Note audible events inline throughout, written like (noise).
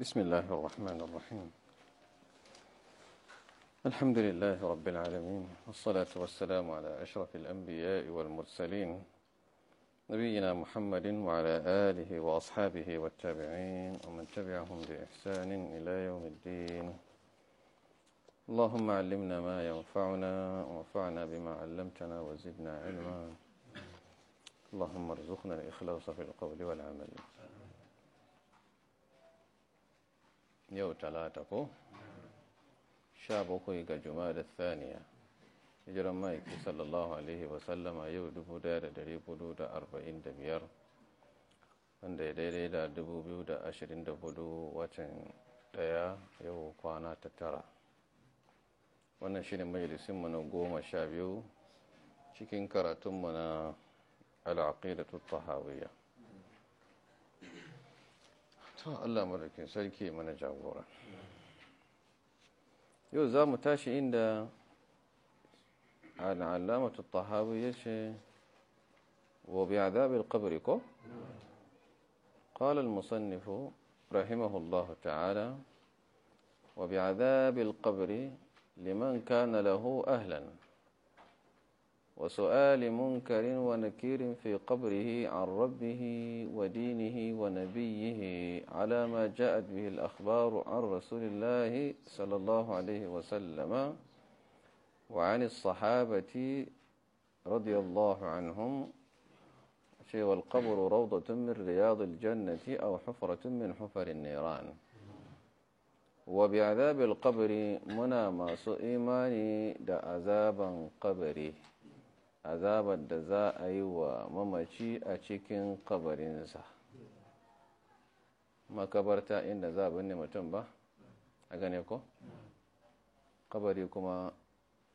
بسم الله الرحمن الرحيم الحمد لله رب العالمين والصلاة والسلام على أشرف الأنبياء والمرسلين نبينا محمد وعلى آله وأصحابه والتابعين ومن تبعهم بإحسان إلى يوم الدين اللهم علمنا ما ينفعنا وانفعنا بما علمتنا وزدنا علما اللهم ارزقنا الإخلاص في القول والعمل yau talata ko sha bakwai ga juma'a da saniya hijiran ma'aiki sallallahu alaihi wasallama yau dubu da da dari hudu arba'in da biyar wanda ya daidai da dubu biyu da da hudu watan daya yau kwana ta tara wannan shi ne majalisinmu na goma sha biyu cikin karatunmu na al'aƙidatun tahawiyya الله مالك سلكي من جاورا يوزا متاشي عند على علامة الطهاوي يشي وبعذاب القبر كو قال المصنف رحمه الله تعالى وبعذاب القبر لمن كان له أهلاً وسؤال منكر ونكير في قبره عن ربه ودينه ونبيه على ما جاءت به الأخبار عن رسول الله صلى الله عليه وسلم وعن الصحابة رضي الله عنهم شيء والقبر روضة من رياض الجنة أو حفرة من حفر النيران وبعذاب القبر منى ما سئماني دا عذابا قبري azabar da za a yi wa mamaci a cikin kabarinsa makabarta inda za a binne mutum ba a gane ko kabari kuma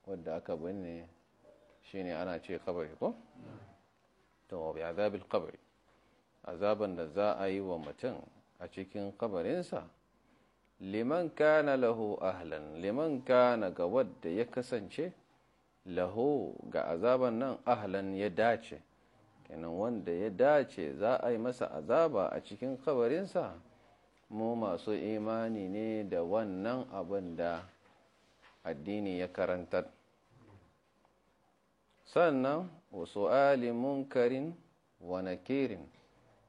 wadda aka binne shi ne ana ce kabari ko to bi azabil kabari azabar da za a yi wa mutum a cikin kabarinsa liman kana lahu ahlan liman kana ga wadda ya kasance laho ga azaban nan ahlan ya dace kenan wanda ya dace za a yi masa azaba a cikin kabarinsa mu masu imani ne da wannan abin da addini ya karantar sannan wasu alimun karin wane kirin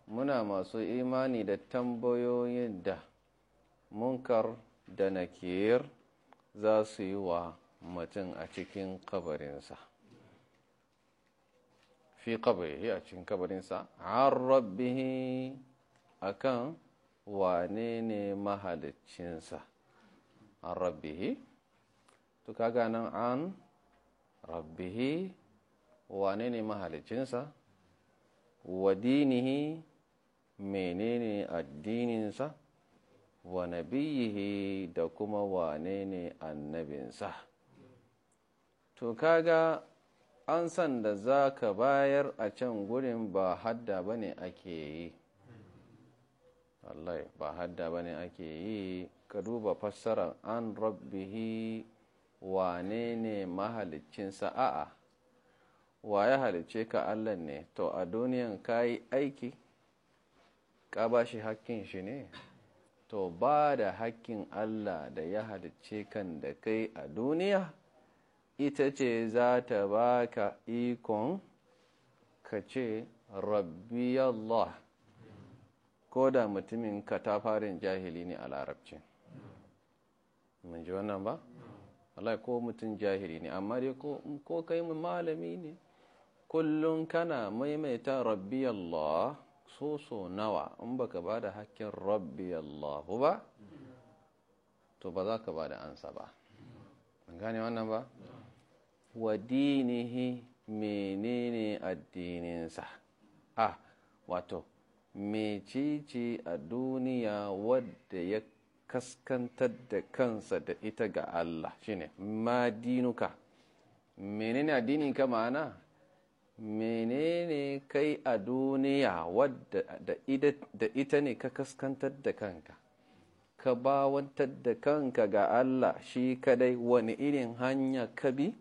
muna masu imani da tambayoyin da munkar da nakir za su yi wa mutum a cikin kabarinsa fi kabari a cikin kabarinsa an rabbihi akan wane ne mahalicinsa an rabbihi to kaga nan an rabbihi wane ne mahalicinsa wa dinihi menene addininsa wa nabiyihi da kuma wane ne annabinsa to kaga an san da za ka bayar a can gurin ba hadda ba ne ake yi Allah ba hadda ba ne ake yi ka duba fassarar an rabbihi wane ne mahalicinsa a'a wa ya halice ka Allah ne to a duniyan ka yi aiki ka ba shi hakkin shi ne to ba da hakkin Allah da ya halice kan da kai a duniya ita ce za ta ba ka ikon ka ce rabbi Allah ko da mutumin ka ta farin jahili ne a larabci mun ji wannan ba? Allah ko mutum jahili ne amma dai ko kai malami ne kullum kana maimaita rabbi Allah so so nawa in baka ba da hakkin rabbi Allah ba to ba za ka ba da ansa ba gane wannan ba? wa dinihi menene addininsa a ah, wato mecece a duniya wadda ya kaskantar da kansa da ita ga Allah shine ma dinuka menene addininka ma'ana menene kai a duniya wadda da ita ne ka kaskantar da kanka ka bawantar da kanka ga Allah shi kadai wani irin hanya ka bi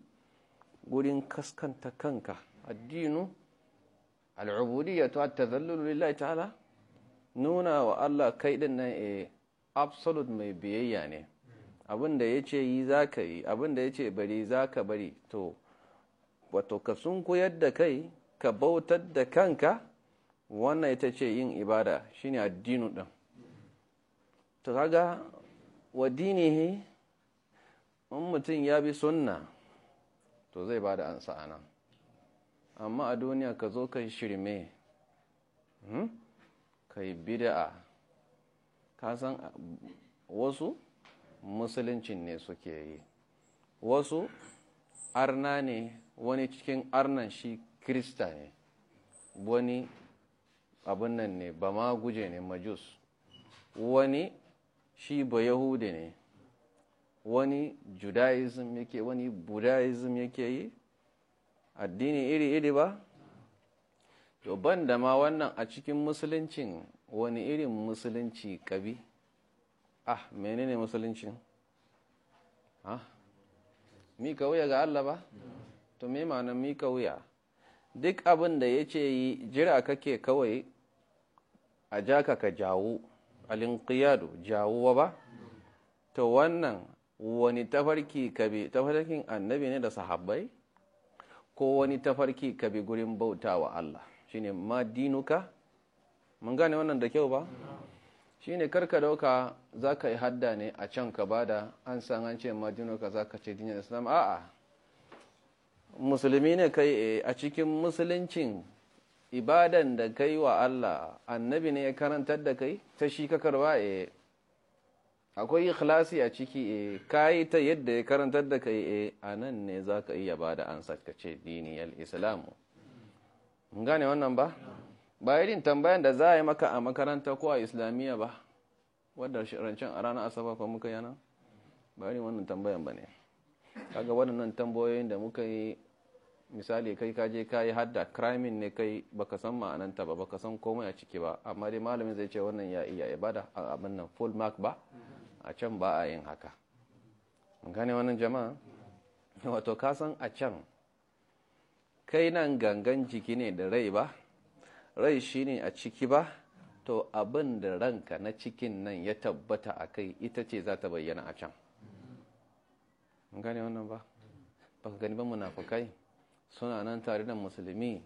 gurin kaskanta kanka addinu al'ubudiyyatu ta tazallul lillahi ta'ala nuna wa Allah kai din nan a eh, absolute mai biyayya ne abinda yace yi ka yi abinda ce bari zaka bari to wato ka koyar da kai ka bautar da kanka wannan ita ce yin ibada shine addinu ɗin to kaga wa dini in mutum ya bi sunna to zai ba da ansa a nan amma a duniya ka zo ka shirme hmm? ka yi bida'a ka san wasu musuluncin ne suke yi wasu arna ne wani cikin arnan shi krista ne wani abin nan ne ba ma guje ne majus wani shi ba yahudi ne wani judaism yake wani budaism yake yi addini iri-iri ba to ban da ma wannan a cikin musuluncin wani irin musulunci kabi ah menene musuluncin ah mika wuya ga Allah ba to me ma'anar mika wuya duk abin da ya ce yi jira kake kawai a jaka ka jawo alinkiyado jawo ba to wannan wani tafarki ka bi tafarkin annabi ne da sahabbai ko wani tafarki ka bi gurin wa Allah shine ma dinuka mun gane wannan da kyau ba shine karka dauka zaka yi hadda ne a can ka bada an san an ce ma dinuka zaka ce dinin Islam a'a musulmi ne kai eh, a cikin musuluncin ibadan da kai wa Allah annabi ne ya karantar da kai ta shi ka karba eh, akwai ikhlasi a ciki e eh, kayi ta yadda ya karantar da kai e a nan ne za ka iya ba da an sakace diniyar islamu gane wannan ba ba irin tambayan da za a yi maka a makaranta ko a islamiyya ba wadda rancen a ranar asabar ko muka yana ba irin wannan tambayan ba ne kaga waɗannan tambayoyin da muka yi misali kai kaje kayi hadda crimin ne kai baka san ma'ananta ba baka san komai a ciki ba amma dai malamin zai ce wannan ya iya ibada a abin nan full mark ba a can ba a yin haka gane wannan jama'a (laughs) wato kasan a can kai nan gangan jiki ne da rai ba rai shine a ciki ba to abin da ranka na cikin nan ya tabbata a kai ita ce za ta bayyana a can gane wannan ba baka gani ba munafukai suna nan tare da musulmi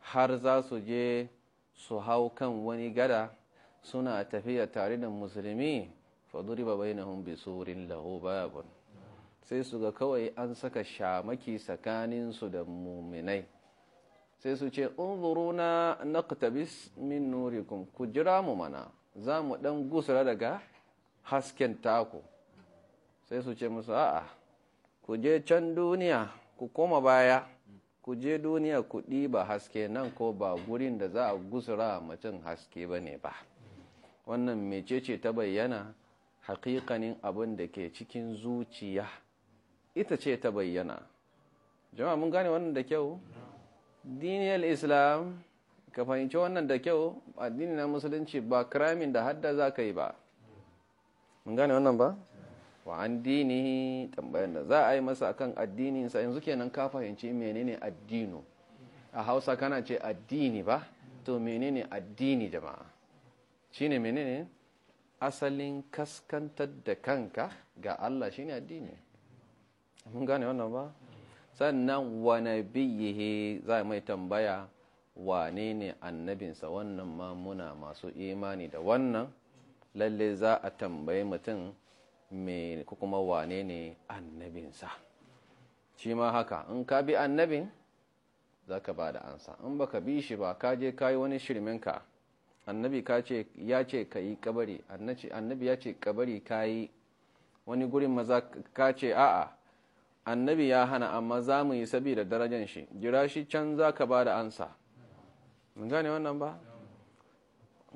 har za su je su hau kan wani gada suna tafiya tare da musulmi ba bai faduriba bainahum bisurin lahu babun sai su ga kawai an saka shamaki tsakaninsu da muminai sai su ce na naktabis min nurikun ku jira mu mana za mu dan gusura daga hasken taku sai su ce musu a'a ku je can duniya ku koma baya ku je duniya ku ɗiba haske nan ko ba gurin da za a gusura mutum haske ba ne ba wannan mecece ta bayyana haƙiƙanin abin da ke cikin zuciya ita ce ta bayyana jama mun gane wannan da kyau diniyar islam ka fahimci wannan da kyau addini na musulunci ba kiramin da hadda za ka yi ba mun gane wannan ba wa an dini tambayar da za a yi masa addini addininsa yanzu kenan ka fahimci menene addino a hausa kana ce addini ba to menene addini jama'a shine menene asalin kaskantar da kanka ga Allah shine addini mun gane wannan ba sannan wa nabiyhi za mai tambaya wane ne annabinsa wannan ma muna masu imani da wannan lalle za a tambaye mutum me kuma wane ne annabinsa shi ma haka in ka bi annabin za ka ba da ansa in baka bi shi ba ka je ka yi wani shirminka annabi ya ce ka yi kabari annabi ya ce kabari ka yi wani gurin maza ka ce a'a annabi ya hana amma za mu yi saboda darajan shi jira shi can za ka ba da ansa mun gane wannan ba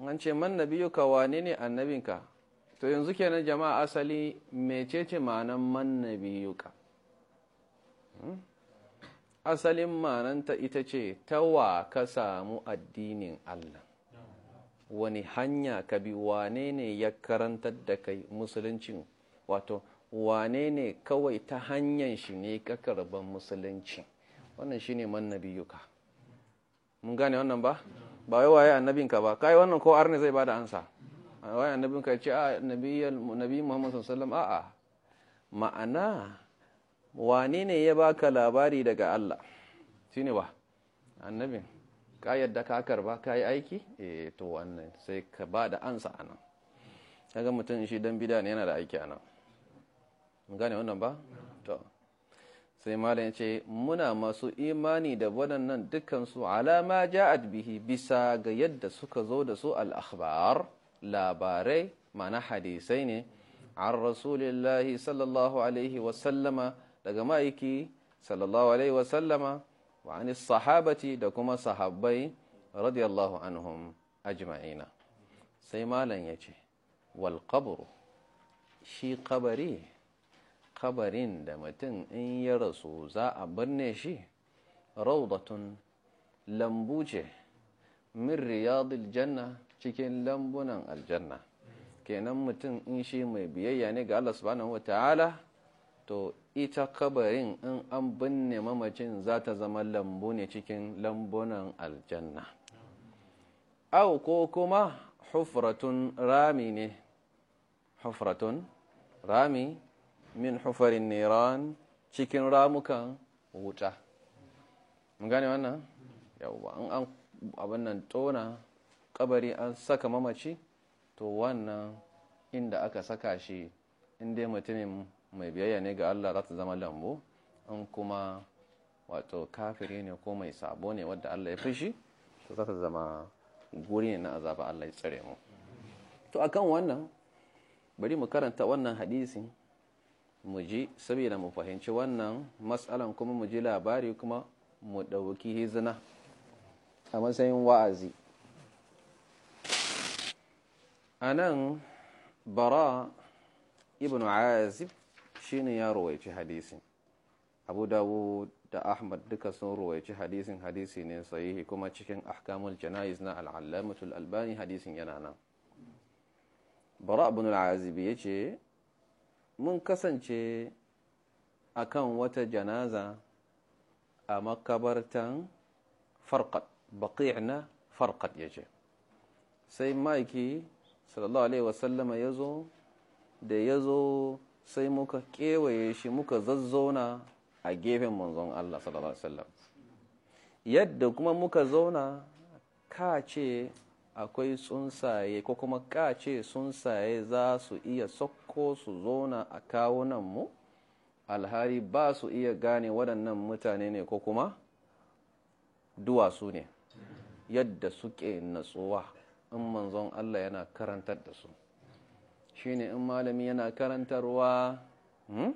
an ce man ka wane ne annabinka to yanzu kenan jama'a asali mecece ma'anan man ka hmm? asalin ma'ananta ita ce ta wa ka samu addinin Allah wani hanya ka bi wane ne ya karantar da kai musuluncin wato wane ne kawai ta hanyar shi ne ka karban musulunci wannan shi ne man yuka mun gane wannan ba ba yi waye annabinka ba kai wannan ko arne zai bada ansa waye annabinka ce a nabi Muhammad sallallahu a a a'a ma'ana wane ne ya baka labari daga Allah shi ne ba annabin ka yadda ka karba ka yi aiki E, to wannan sai ka ba da ansa a anan ga mutum shi dan bida ne yana da aiki anan nan gane wannan ba to sai malin ce muna masu imani da waɗannan dukansu alama ja'ad bihi bisa ga yadda suka zo da su al labarai mana hadisai ne an rasulillahi sallallahu alaihi wasallama daga ma'aiki sallallahu alaihi wasallama wa anis sahabati da kuma sahabbai radiyallahu anhum ajma'ina sai malam ya ce wal shi kabari kabarin da mutum in ya rasu za a binne shi raudatun lambu ce min riyadil janna cikin lambunan aljanna kenan mutum in shi mai biyayya ne ga Allah subhanahu wataala to ita kabarin in an binne mamacin za ta zama lambu ne cikin lambunan aljanna au ko kuma hufratun rami ne hufratun rami min hufarin neran cikin ramukan wuta mun gane wannan an abin tona kabari an saka mamaci to wannan inda aka saka shi inda mutumin mai biyayya ne ga Allah za ta zama lambu in kuma wato kafiri ne ko mai sabo ne wadda Allah ya fushi to za ta zama guri ne na azaba Allah ya tsare mu to akan wannan bari mu karanta wannan hadisin mu ji saboda mu fahimci wannan matsalan kuma mu ji labari kuma mu ɗauki izina. a matsayin wa'azi anan bara ibn azib shine ya rawaici hadisi abu dawud da ahmad duka sun rawaici hadisin hadisi ne sahihi kuma cikin ahkamul jana'iz na al'allamatul albani hadisin yana nan bara ibn al-azibi yace mun kasance akan wata janaza a makabartan farqat baqi'na farqat yace sai maiki sallallahu alaihi wasallama yazo da ya zo. sai muka kewaye shi muka zazzauna a gefen manzon Allah sallallahu alaihi wasallam yadda kuma muka zauna kace akwai tsuntsaye ko kuma kace ce tsuntsaye za su iya sokko su zauna a kawunan mu alhari ba su iya gane waɗannan mutane ne ko kuma duwatsu ne yadda suke natsuwa in manzon Allah yana karantar da su shine in malami yana karantarwa hmm?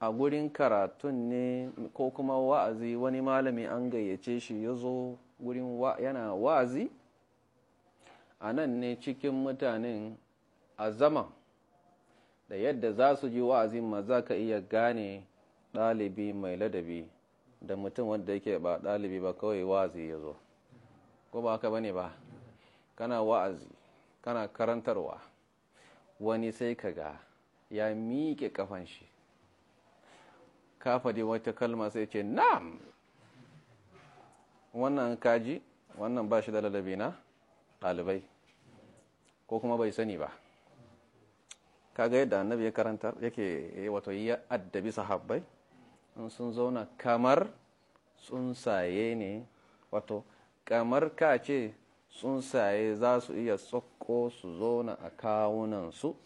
a gurin karatun ne ko kuma wa'azi wani malami an gayyace shi ya zo gurin yana wa'azi a nan ne cikin mutanen a zama da yadda za su ji wa'azin ma za ka iya gane ɗalibi mai ladabi da mutum wanda yake ba ɗalibi ba kawai wa'azi ya zo ko ba ka bane ba kana wa'azi kana karantarwa wani sai ka ga ya miƙe kafan shi kafa dai wata kalma sai ce na'am wannan kaji wannan ba shi da ladabi na ɗalibai ko kuma bai sani ba kaga yadda annabi ya karanta yake eh, wato ya addabi sahabbai sun zauna kamar tsuntsaye ne wato kamar ka ce tsuntsaye za su iya tsakko su zona a kawunansu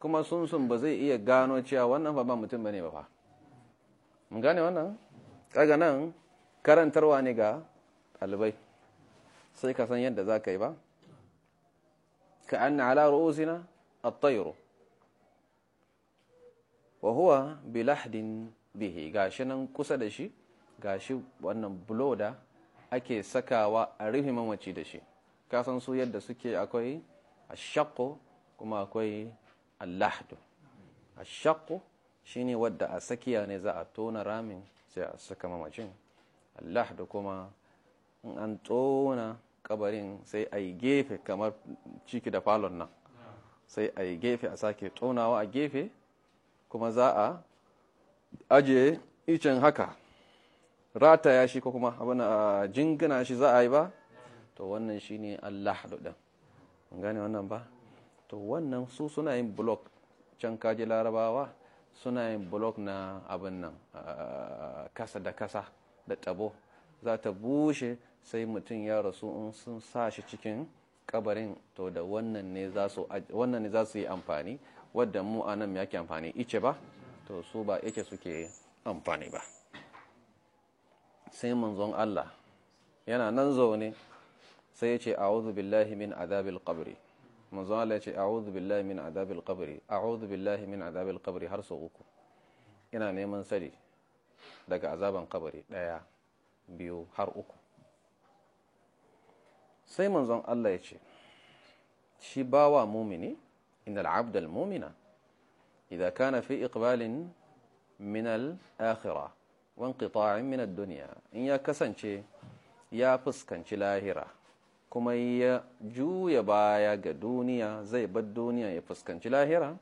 kuma tsuntsun ba zai iya gano cewa wannan ba ba mutum ba ne ba fa mun gane wannan kaga nan karantarwa ne ga ɗalibai sai ka san yadda za ka yi ba ka an ala ru'usina at-tayru wa huwa bilahdin bihi gashi nan kusa da shi gashi wannan bulo da ake sakawa a rufe mamaci da shi Ka san su yadda suke akwai ashaqqu kuma akwai allahdu ashaqqu shine wadda a sakiya ne za a tona ramin sai a saka mamacin allahdu kuma in an tona kabarin sai a yi gefe kamar ciki da falon nan sai a yi gefe a sake tonawa a gefe kuma za a ajiye icen haka rataya shi ko kuma abin a jingina shi za a yi ba to wannan shine Allah din mun gane wannan ba to wannan su suna yin blok can kaji larabawa suna yin bulok na abin nan kasa da kasa da tabo za ta bushe sai mutum ya rasu in sun sa shi cikin kabarin to da wannan ne za su yi amfani wadda mu a nan yake amfani ice ba to su ba yake suke amfani ba sai manzon Allah yana nan zaune sai ya ce a'udhu billahi min azabil qabri manzo Allah ya ce a'udhu billahi min azabil qabri a'udhu billahi min azabil qabri har sau uku ina neman sari daga azaban kabari daya biyu har uku sai manzon Allah ya ce shi bawa mumini innal abdal mumina idza kana fi iqbalin min al-akhirah wa inqita'in min ad-dunya in ya kasance ya fuskanci lahira kuma ya juya baya ga duniya zai bar duniya ya fuskanci lahira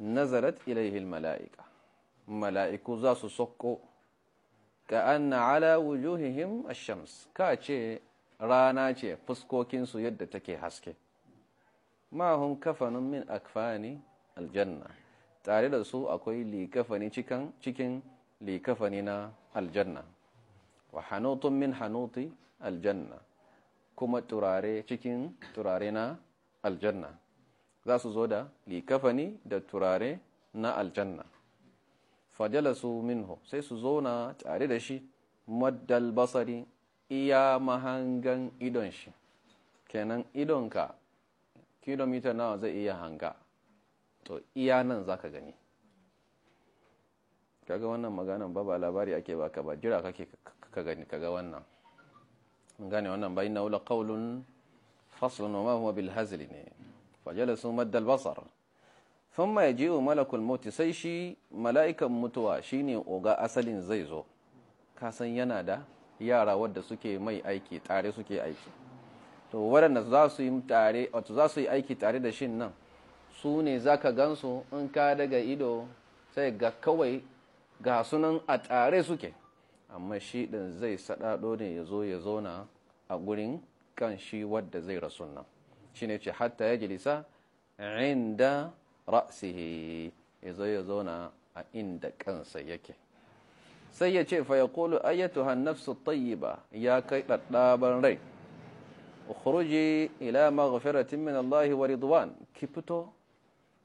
nazarat ilaihi mala'ika mala'iku za su sokko ka anna ala wujuhihim ash-shams ka ce rana ce fuskokinsu yadda take haske ma kafanin min akfani aljanna tare da su akwai likafani cikin likafani na aljanna wa hanutun min hanuti aljanna kuma turare cikin turare na aljanna za su zo da likafani da turare na aljanna su minho sai su zauna tare da shi maddal basari iya mahangan idon shi kenan idonka kilomita nawa zai iya hanga to iya nan za ka gani kaga wannan maganan ba labari ake baka ba jira kake ka gani kaga wannan gane wannan bai na wula kaulun faslun wa mahuwa bil hazili ne fajala su maddal basar sun ma ji wa malakul moti sai shi mala'ikan mutuwa shi ne oga asalin zai zo kasan yana da yara wadda suke mai aiki tare suke aiki to waɗanda za su yi aiki tare da shi nan su ne za ka gansu in ka daga ido sai ga kawai ga sunan a tare suke amma shi ɗin zai saɗaɗo ne ya zo ya zauna a gurin kan shi wadda zai rasu nan shi ne ce hatta ya jilisa inda ra'sihi ya zo ya zauna a inda kansa yake sai ya ce fayakolu ayyatuha nafsu tayyiba ya kai ɗaɗɗaban rai ukhruji ila maghfiratin min Allah wa ridwan ki fito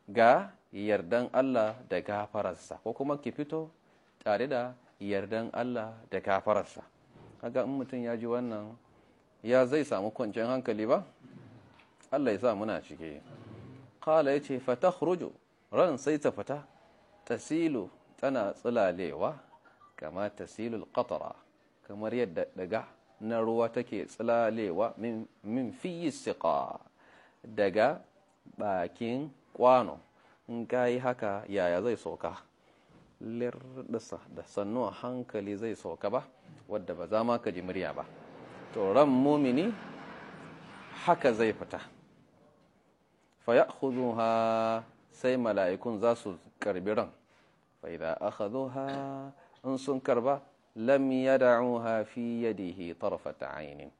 ga yardan Allah da gafararsa ko kuma ki fito tare da yardan Allah da kafararsa haka in mutum ya ji wannan ya zai samu kwanciyar hankali ba Allah ya sa muna cike kala ya ce fata ran sai ta fita tasilu tana tsilalewa kama tasilul qatara kamar yadda daga na ruwa take tsilalewa min fiye siƙa daga bakin kwano in ka yi haka yaya zai sauka? Lirɗisa da sannu hankali zai sauka ba wadda ba za ma ka ji murya ba to ran mumini haka zai fita fa ha sai mala'ikun za su karbi ran fa idza ha in sun karba lam yad'uha fi yadihi aini. 'ainin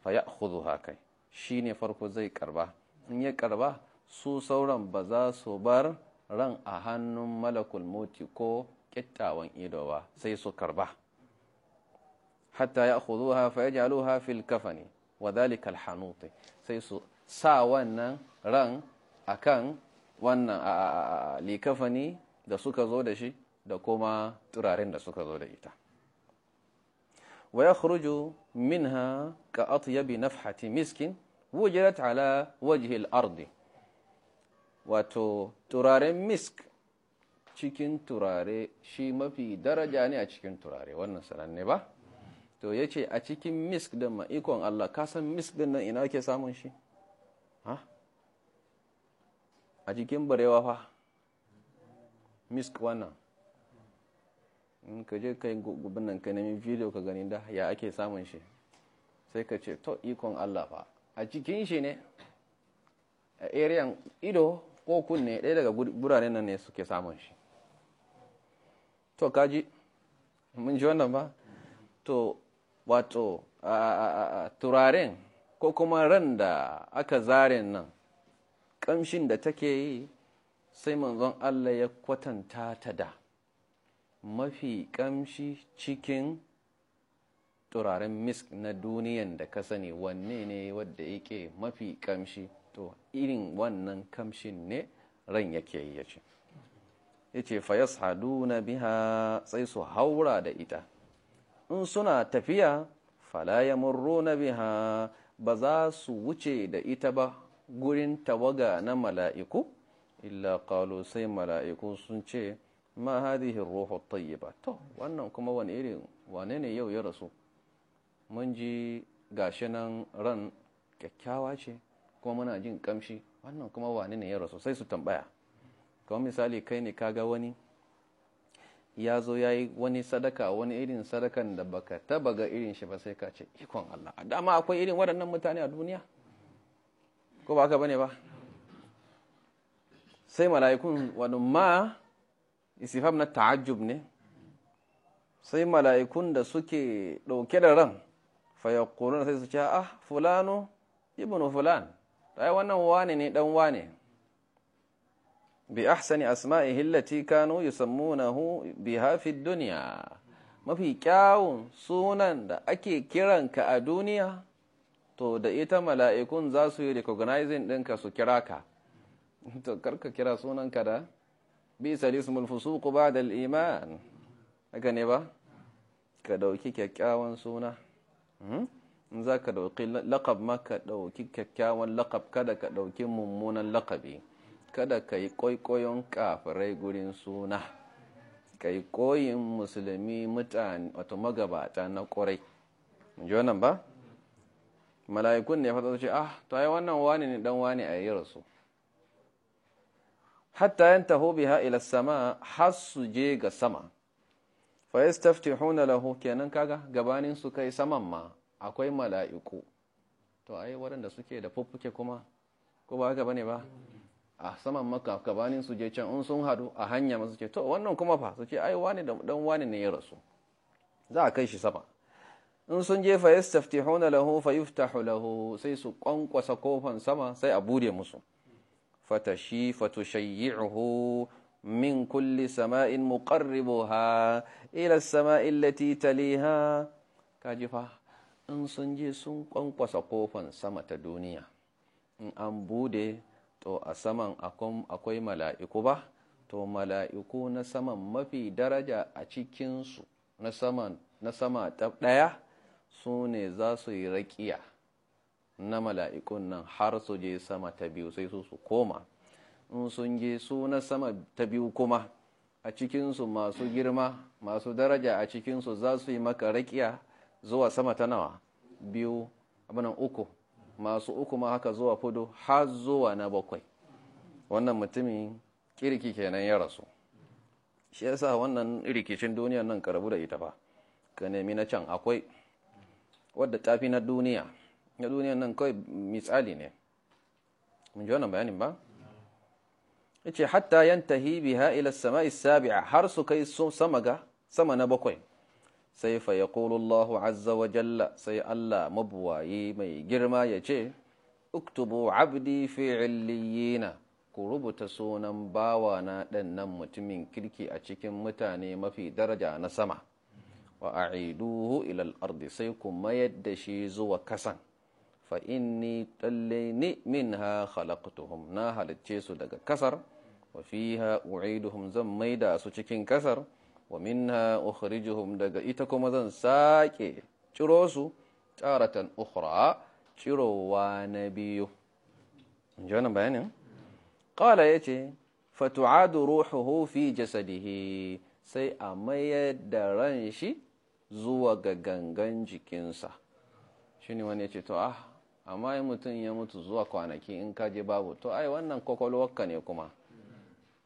fa ha kai shine farko zai karba in ya karba su sauran ba za su bar ran a hannun malakul moti ko ido ba sai su karba hatta ya khudu ha ya yajalu ha fil kafani wa dhalika al sai su sa wannan ran akan wannan likafani da suka zo da shi da kuma turaren da suka zo da ita wa min ha ka atyabi nafhati miskin wujirat ala wajhi ardi wato turaren misk cikin turare shi mafi daraja ne a cikin turare wannan sananne ba to ya ce a cikin misk da ma'ikon Allah kasan misk din nan ina ke samun shi ha a cikin barewa fa misk wannan in ka je kai gubin nan ka nemi video ka gani da ya ake samun shi sai ka ce to ikon Allah fa a cikin shi ne a ariyan ido ko kunne ɗaya daga guraren nan ne suke samun shi to kaji mun ji wannan ba to wato a turaren ko kuma ran da aka zare nan ƙamshin da take yi sai manzon Allah ya kwatanta ta da mafi ƙamshi cikin turaren misk na duniyan da ka sani wanne ne wadda yake mafi ƙamshi to irin wannan kamshin ne ran yake yi ya ce ya ce fayas haduna biha sai su haura da ita in suna tafiya falaye na biha ba za su wuce da ita ba gurin tawaga na mala'iku illa kalo sai mala'iku sun ce ma hadihin ruhu ba, to wannan kuma wani irin wane ne yau ya rasu mun ji gashi nan ran kyakkyawa ce kuma muna jin kamshi wannan kuma wani ne ya rasu sai su tambaya kuma misali kai ne kaga wani ya zo ya yi wani sadaka wani irin sadakan da baka taba ga irin shi ba sai ka ce ikon Allah a dama akwai irin waɗannan mutane a duniya ko ba haka bane ba sai mala'ikun wani ma isifam na ta'ajjub ne sai mala'ikun da suke ɗauke da ran da sai su ce ah fulano ibnu fulan ai wannan wane ne dan wane bi ahsani asma'ihi hillati kanu yusammunahu biha fi dunya mafi kyawun sunan da ake kiranka a duniya to da ita mala'ikun za su yi recognizing ɗinka su kira ka (laughs) to karka kira sunanka da bi salismul fusuq ba'da al-iman haka ne ba ka dauki kyakkyawan suna hmm? in za ka ɗauki laƙab ma ka ɗauki kyakkyawan laƙab kada ka ɗauki mummunan laƙabi kada ka yi ƙwaiƙwayon kafirai gurin suna ka yi ƙoyin musulmi mutane wato magabata na ƙwarai ji wannan ba mala'ikun ne fata ce ah to yi wannan wani ne dan wani a yi rasu hatta yin taho ha ila sama har su je ga sama fa yastaftihuna lahu kenan kaga gabanin su kai saman ma akwai mala'iku to ai waɗanda suke da fuffuke kuma ko ba haka bane ba a saman maka gabanin su je can in sun hadu a hanya masu ce to wannan kuma fa su ce ai wani dan wani ne ya rasu za a kai shi sama in sun je fa yastaftihuna lahu fa yuftahu lahu sai su kwankwasa kofan sama sai a bude musu fatashi fatushayyi'uhu min kulli sama'in muqarribuha ila sama'in lati taliha kaji fa in sun je sun kwankwasa kofan sama ta duniya in an bude to a saman akwai mala'iku ba to mala'iku na saman mafi daraja a cikinsu na sama ta ɗaya su ne za su yi raƙiya na mala'ikun nan har su je sama ta biyu sai su su koma in sun je su na sama ta biyu kuma a cikinsu masu girma masu daraja a cikinsu za su yi maka raƙiya zuwa sama ta nawa biyu abinan uku masu uku ma haka zuwa fudu har zuwa na bakwai wannan mutumin kirki kenan ya rasu shi yasa wannan rikicin duniya nan karabu da ita ba ka nemi na can akwai wadda tafi na duniya na duniya nan kawai misali ne mun ji wannan bayanin ba Ya ce hatta yantahi biha ila samai sabia har su kai sama ga sama na bakwai sai fa yaqulu Allahu azza wa jalla sai Allah mabuwaye mai girma ya ce uktubu abdi fi illiyina ku rubuta sunan bawa na dan mutumin kirki a cikin mutane mafi daraja na sama wa a'iduhu ila ardi sai ku mayar da shi zuwa kasan fa inni min ha halaktuhum na halicce su daga kasar wa fiha u'iduhum zan maida su cikin kasar wa minha ukhrijuhum daga ita kuma zan sake ciro su taratan ukhra cirowa na biyu inji wannan bayanin qala yace fatu'adu ruhuhu fi jasadihi sai a mayar da ran shi zuwa ga gangan jikinsa shine wani yace to ah amma ai mutum ya mutu zuwa kwanaki in kaje babu to ai wannan kwakwalwarka ne kuma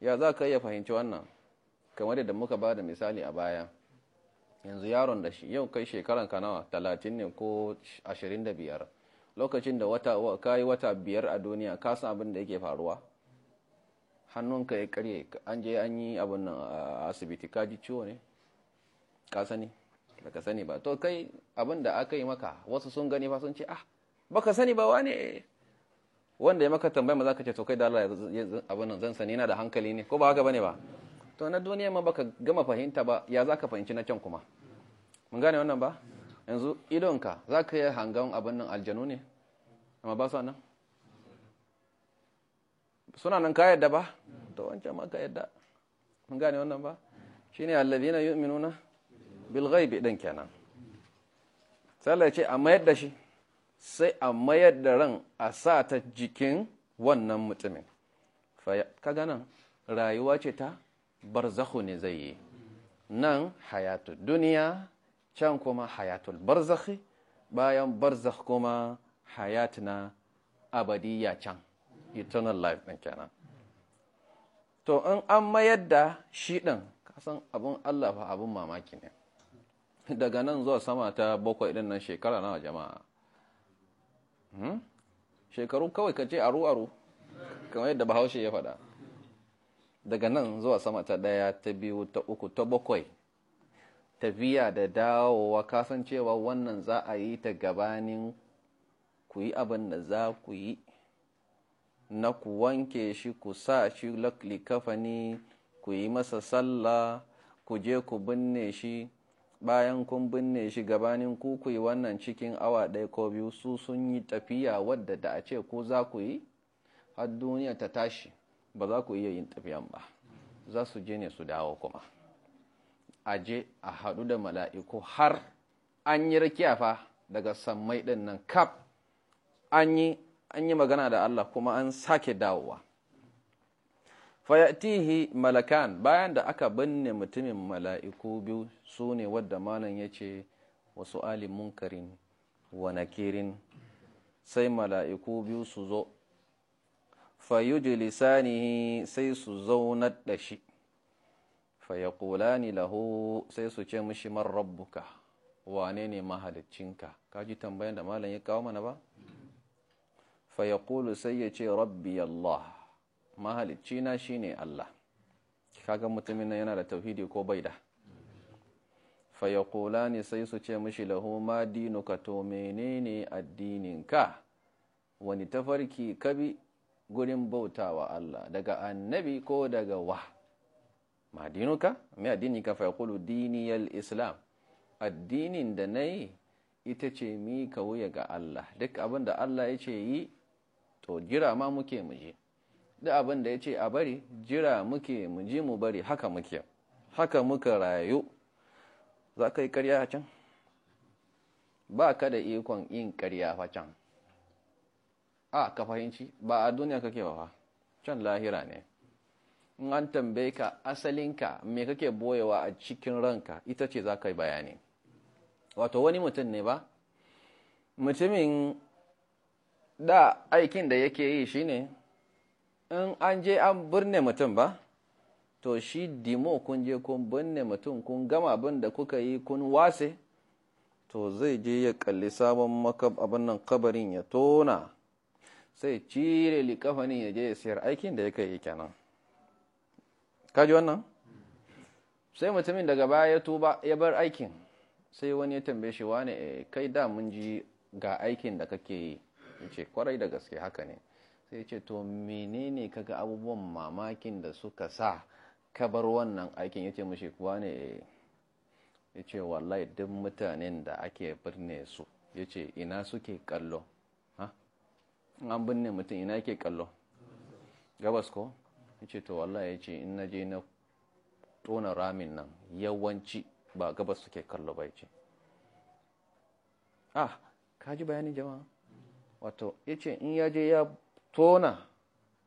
ya za ka iya fahimci wannan kamar yadda muka ba da misali a baya yanzu yaron da shi yau kai shekaran kanawa talatin ne ko ashirin da biyar lokacin da ka yi wata biyar a duniya ka san abin da yake faruwa hannunka ya karye an je an yi abin nan a asibiti ka ji ciwo ne ka sani ba ka sani ba to kai abin da aka yi maka wasu sun gani ba sun ce ah ka sani ba wane wanda ya maka tambaya ma za ka ce to kai da Allah abin nan zan sani na da hankali ne ko ba haka bane ba to na duniya ma baka gama fahimta ba ya za ka fahimci na can kuma mun gane wannan ba yanzu idonka za ka yi hangon abin nan aljanu ne amma ba su nan suna nan ka yadda ba to wancan ma ka yadda mun gane wannan ba shi ne allazina yu'minuna bil ghaibi dan kenan sai ce a mayar da shi sai a mayar da ran a sa ta jikin wannan mutumin ka ganin rayuwa ce ta barzahu ne zai yi nan hayatu duniya can kuma hayatul barzakhi bayan barzakh kuma hayat na ya can eternal life ɗin kenan to in an mayar da shi ɗin kasan abin Allah fa abin mamaki ne daga nan zuwa sama ta bakwai ɗin nan shekara na jama'a hmm? shekaru kawai ka ce aru-aru kamar yadda bahaushe ya faɗa daga nan zuwa sama ta ɗaya ta biyu ta uku ta bakwai tafiya da dawowa kasancewa wannan za a yi ta gabanin ku yi abin da za ku yi na ku wanke shi ku sa shi likafani ku yi masa sallah ku je ku binne shi bayan kun binne shi gabanin ku ku yi wannan cikin awa ɗaya ko biyu su sun yi tafiya wadda da a ce ku za ku yi har duniya ta tashi ba za ku iya yin tafiyan ba za su je ne su dawo kuma a je a haɗu da mala'iku har an yi rakiya daga sammai ɗin nan kaf an yi magana da Allah kuma an sake dawowa fayatihi malakan bayan da aka binne mutumin mala'iku biyu su ne wadda malam ya ce wasu alimunkarin wa nakirin sai mala'iku biyu su zo fayujlisanihi sai su zaunar da shi fayaqulani lahu sai su ce mishi man rabbuka wane ne ka kaji tambayan da malam ya kawo mana ba fayakulu sai ya ce rabbi allah shi ne allah kaga mutumin nan yana da tauhidi ko bai da sai su ce mishi lahu ma dinuka to menene ka wani tafarki kabi gurin bauta wa Allah daga annabi ko daga wa ma dinuka mai addini ka dini diniyar islam addinin da nayi yi ita ce mi ka wuya ga Allah duk abin da Allah ya ce yi to jira ma muke muje duk abin da ya ce a bari jira muke muje mu bari haka muke haka muka rayu za ka yi karya a can ba ka da ikon yin karya a can a ka fahimci ba a duniya kake ba can lahira ne in an tambaye ka asalinka me kake boyewa a cikin ranka ita ce za ka yi bayani wato wani mutum ne ba mutumin da aikin da yake yi shine in an je an birne mutum ba to shi dimo kun je kun birne mutum kun gama abin da kuka yi kun wase to zai je ya kalli sabon abin nan kabarin ya tona sai cire likafanin ya je ya sayar aikin da ya kai kenan kaji wannan sai mutumin daga baya ya tuba ya bar aikin sai wani ya tambaye shi wane eh, kai da mun ji ga aikin da kake yi ce kwarai da gaske haka ne sai ce to menene kaga abubuwan mamakin da suka sa ka bar wannan aikin yace mushi kuwa ne eh. yace wallahi duk mutanen da ake birne su yace ina suke kallo an binne mutum ina ke kallo gabas ko ya ce to wallahi ya ce in na je na tona ramin nan yawanci ba gabas suke kallo ba ya ce ah kaji bayanin jama'a wato ya ce in ya je ya tona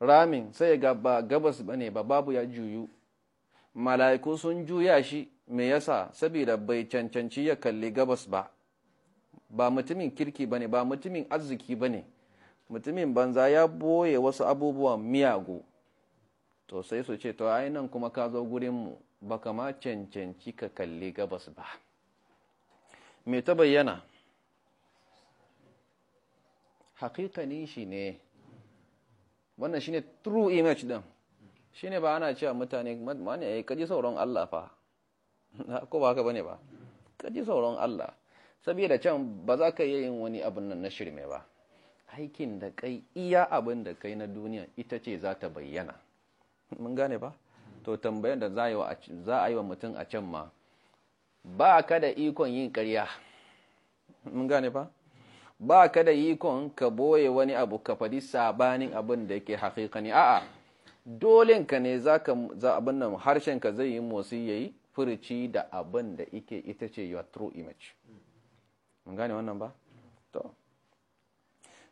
ramin sai ga ba gabas ba ne ba babu ya juyu mala'iku sun juya shi me yasa saboda bai cancanci ya kalli gabas ba ba mutumin kirki ba ne ba mutumin arziki ba ne mutumin banza ya boye wasu abubuwan miyagu to sai su ce to ainihin kuma ka zo gurinmu ba kama cancanci ka kalli gabas ba me ta bayyana haƙiƙanin shi ne wannan shine true image din shine ba ana cewa mutane mani ai eh, kaji sauran Allah fa (laughs) ko ba haka bane ba kaji sauran Allah saboda can ba za ka yi yin wani abin nan na shirme ba aikin da kai iya abin da kai na duniya ita ce za ta bayyana mun gane ba to tambayar da za a yi wa mutum a can ma ba ka da ikon yin karya mun gane ba ba ka da ikon ka boye wani abu ka faɗi sabanin abin da yake haƙiƙa ne a'a dolenka ne za abin nan harshenka zai yi motsi ya yi furuci da abin da ita ce your true image mun gane wannan ba to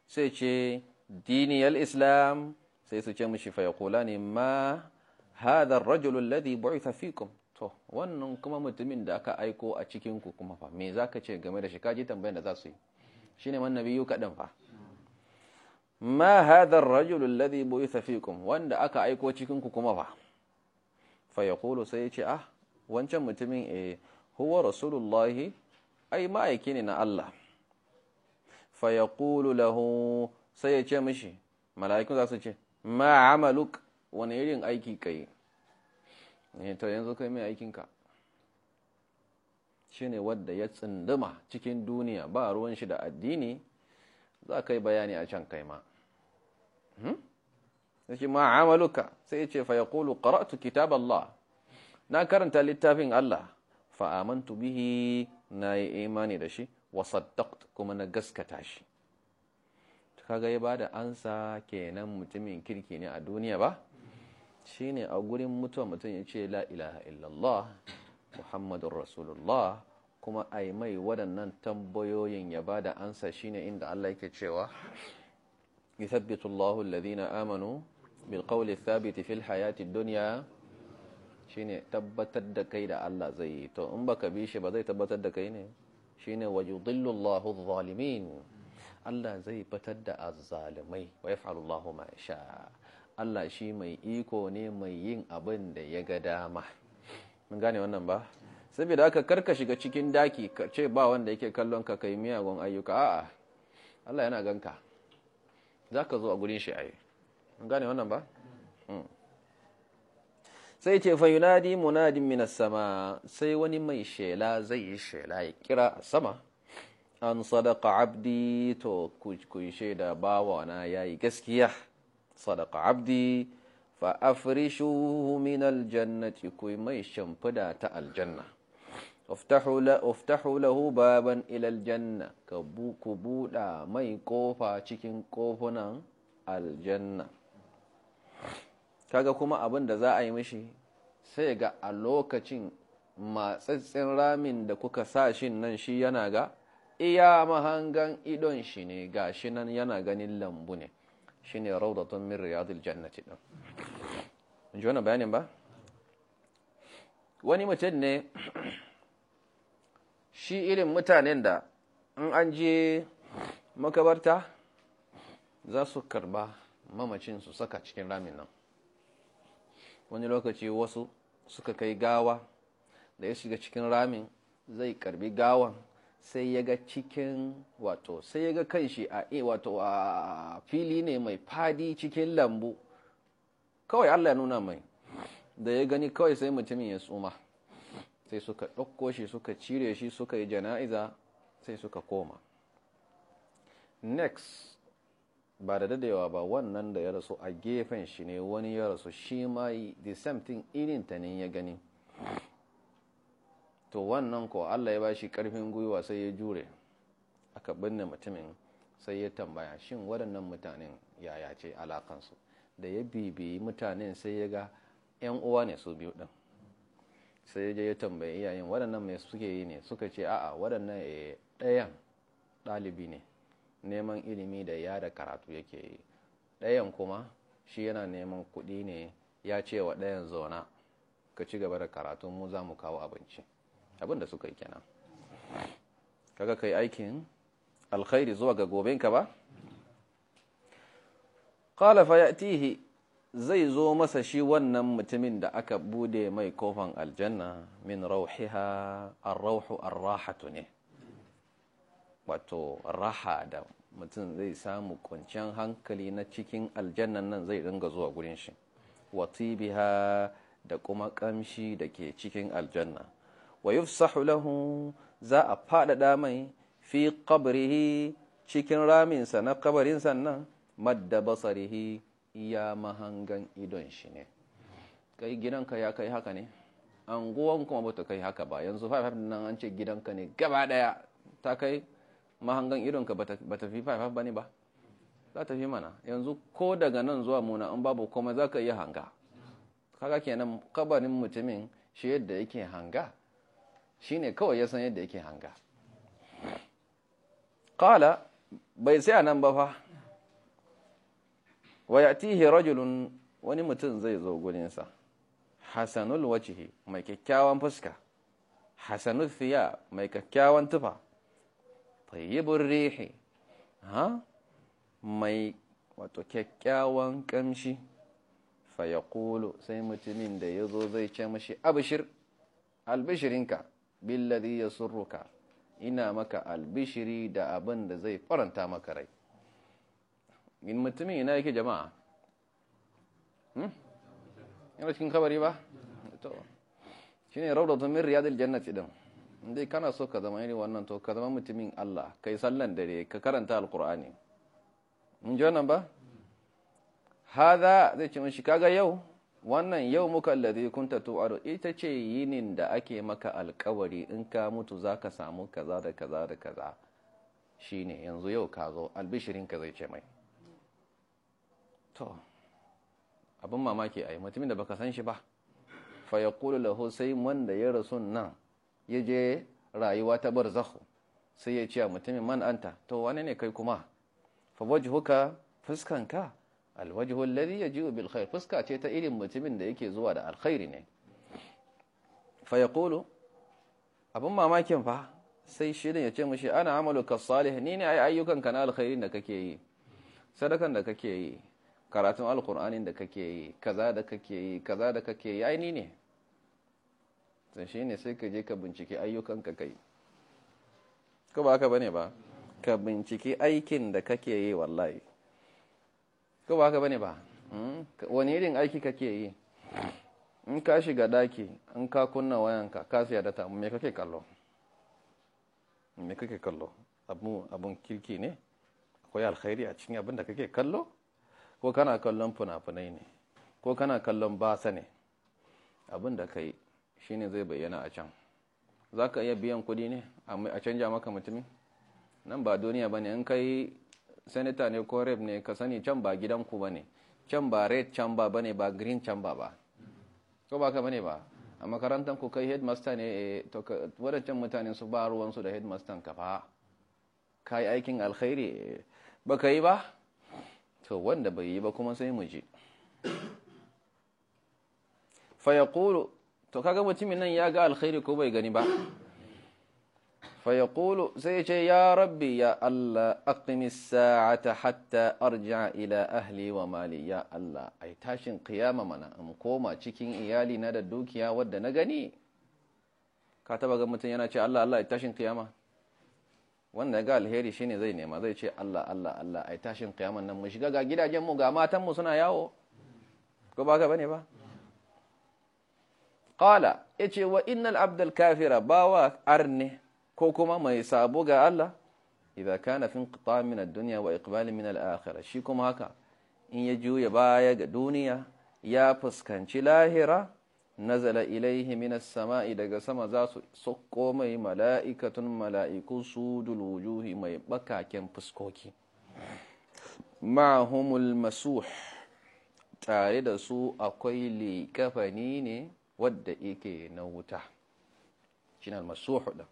sai ce diniyar islam sai su ce mishi fayakula ne ma hadar rajulun ladi bu'ita to wannan kuma mutumin da aka aiko a cikinku kuma fa me za ka ce game da shi kaji tambayar da za su yi shi ne wannan biyu kaɗan fa ma hadar rajulun ladi bu'ita wanda aka aiko cikinku kuma fa kulu sai ya ce ah wancan mutumin eh huwa rasulullahi ai ma'aiki ne na Allah fa lahu sai ya ce mishi mala'iku za su ce ma wani irin aiki kai ne eh, to yanzu kai mai aikinka shi ne wadda ya tsinduma cikin duniya ba ruwan shi da addini za ka yi bayani a can kai ma sai hmm? ma sai ya ce fa ƙaratu karatu kitab Allah na karanta littafin Allah fa bihi na yi imani da shi wasaddakt kuma na gaskata shi kaga ya da ansa kenan mutumin kirki ne a duniya ba shine a gurin mutuwa mutum ya ce la ilaha illallah muhammadun rasulullah kuma a yi mai waɗannan tambayoyin ya ba da ansa shine inda Allah yake cewa yuthabbitu Allahu alladhina amanu bil qawli thabiti fil hayati dunya shine tabbatar da kai da Allah zai yi to in baka bi shi ba zai tabbatar da kai ne shine wa yudillu Allahu adh-dhalimin Allah zai fitar da azzalimai wa yaf'alu Allahu ma sha Allah shi mai iko ne mai yin abin da ya ga dama mun gane wannan ba saboda haka karka shiga cikin daki ka ce ba wanda yake kallon ka kai miyagun ayyuka a'a Allah yana ganka zaka zo a gurin shi ayi mun gane wannan ba hmm. sai ce fa yunadi munadin minas sama sai wani mai shela zai yi shela ya kira a sama an sadaka abdi to ku shaida bawana yayi gaskiya sadaka abdi fa afrishuhu min aljannati ku mai shimfida ta aljanna uftahu lahu baban ilal janna ka ku buɗa mai kofa cikin kofunan aljanna kaga kuma abin da za a yi mishi sai ga a lokacin matsatsin ramin da kuka sa shi nan shi yana ga iya mahangan idon shi ne ga shi nan yana ganin lambu ne shi ne raudatun min riyadul jannati ɗin ji wani bayanin ba wani mutum ne (clears throat) shi irin mutanen da in an je makabarta za su karba mamacin su saka cikin ramin nan wani lokaci wasu suka kai gawa da ya shiga cikin ramin zai karbi gawan sai ya ga cikin wato sai ya ga kanshi a eh, wato a fili ne mai fadi cikin lambu kawai Allah ya nuna mai da ya gani kawai sai mutumin ya tsuma sai suka ɗauko shi suka cire shi suka yi jana'iza sai suka koma next ba da dadewa ba wannan da ya rasu a gefen shi ne wani ya rasu shi ma yi the same thing irin ta ne ya gani to wannan ko Allah ya bashi karfin gwiwa sai ya jure aka binne mutumin sai ya tambaya shin waɗannan mutanen yaya ce alakansu da ya bibiyi mutanen sai ya ga 'yan uwa ne su biyu ɗin sai ya je ya tambayi iyayen waɗannan mai suke yi ne suka ce a'a waɗannan eh, ɗayan ɗalibi ne neman ilimi da ya da karatu yake yi ɗayan kuma shi yana neman kuɗi ne ya ce wa ɗayan zauna ka ci gaba da karatun mu za mu kawo abinci abin da suka yi kenan kaga kai aikin alkhairi zuwa ga gobenka ba Ƙalafa fa tihi. zai zo masa shi wannan mutumin da aka bude mai kofan aljanna min rauhiha an rauhu an rahatu ne wato raha da mutum zai samu kwanciyar hankali na cikin aljannan nan zai dinga zuwa gurin shi watibiha da kuma kamshi da ke cikin aljanna wa yufsahu lahu za a faɗaɗa mai fi qabrihi cikin raminsa na kabarin sannan madda basarihi ya mahangan idon shi ne kai gidanka ya kai haka ne anguwan kuma bata kai haka ba yanzu 500 nan an ce gidanka ne gaba daya ta kai mahangan idonka ba ta fi faifaf ba ne ba za ta fi mana yanzu ko daga nan zuwa muna in babu kuma za ka iya hanga kaga kenan kabarin mutumin shi yadda yake hanga shi ne kawai ya san yadda yake hanga kala bai sai a nan ba fa wa tihe rajulun wani mutum zai zo gurinsa hasanul wacce mai kyakkyawan fuska hasanul fiya mai kyakkyawan tufa طيب الريح ها mai wato kyakkyawan kamshi fa ya sai mutumin da ya zo zai ce mashi abishir albishirinka billadi ya surruka ina maka albishiri da abin da zai faranta maka rai in mutumin ina yake jama'a yana hmm? cikin kabari ba? to shi ne raudatun min riyadil jannati din dai kana so ka zama irin wannan to ka zama mutumin Allah kai sallan dare ka karanta alkur'ani mun ji wannan ba hada zai ce mishi kaga yau wannan yau muka allazi kunta tu'aru ita ce yinin da ake maka alkawari in ka mutu zaka samu kaza da kaza da kaza shine yanzu yau ka zo albishirin ka zai ce mai to abin mamaki ai mutumin da baka san shi ba fa yaqulu sai wanda ya rasu nan ya je rayuwa ta bar Zahu sai ya ce mutumin man anta to wane ne kai kuma fa wajhuka fuskanka alwajhu alladhi yaji'u bil khair fuska ce ta irin mutumin da yake zuwa da alkhairi ne fa Kulu, abun mamakin fa sai shirin ya ce mashi ana ka salih ni ne ai ayyukan ka na alkhairin da kake yi sadakan da kake yi karatun alkur'anin da kake yi kaza da kake yi kaza da kake yi ai ni ne to shi ne sai ka je ka binciki ayyukanka kai ko ba haka bane ba ka binciki aikin da kake yi wallahi ko ba haka bane ba hmm? wani irin aiki kake yi in ka shiga daki in ka kunna wayanka ka siya data me kake kallo me kake kallo abun kirki ne akwai alkhairi a cikin abin da kake kallo ko kana kallon funafunai ne ko kana kallon basa ne abin da ka yi shine zai bayyana a can za ka iya biyan kudi ne a canja maka mutumin nan ba duniya ba ne in kai senator ne ko rep ne ka sani can ba gidanku ba ne can ba red can ba ne ba green can ba ba ko ba ka ba ne ba a makarantar ku kai headmaster ne eh, to wadancan mutane su ba ruwansu da headmaster ka fa ka yi aikin alkhairi eh, ba ka yi ba to wanda bai yi ba kuma sai mu ji fa to kaga mutumin nan ya ga alkhairi ko bai gani ba fa Kulu sai ce ya rabbi ya allah aqimis sa'ata hatta arji'a ila ahli wa mali ya allah ai tashin qiyama mana mu koma cikin iyali na da dukiya wanda na gani ka taba ga mutum yana ce allah allah ai tashin qiyama wanda ga alheri shine zai nema zai ce allah allah allah ai tashin qiyaman nan mu shiga ga gidajen mu ga matan mu suna yawo ko ba ka bane ba qala yace wa innal abdal kafira bawa arne ko kuma mai sabo ga Allah idza kana fi inqita' min ad wa iqbal min al shi kuma haka in ya juya baya ga duniya ya fuskanci lahira nazala ilaihi min samai daga sama za su sokko mai mala'ikatun mala'ikun sudul wujuhi mai bakaken fuskoki ma'humul masuh tare da su akwai likafani ne wadda yake na wuta shine almasuhu din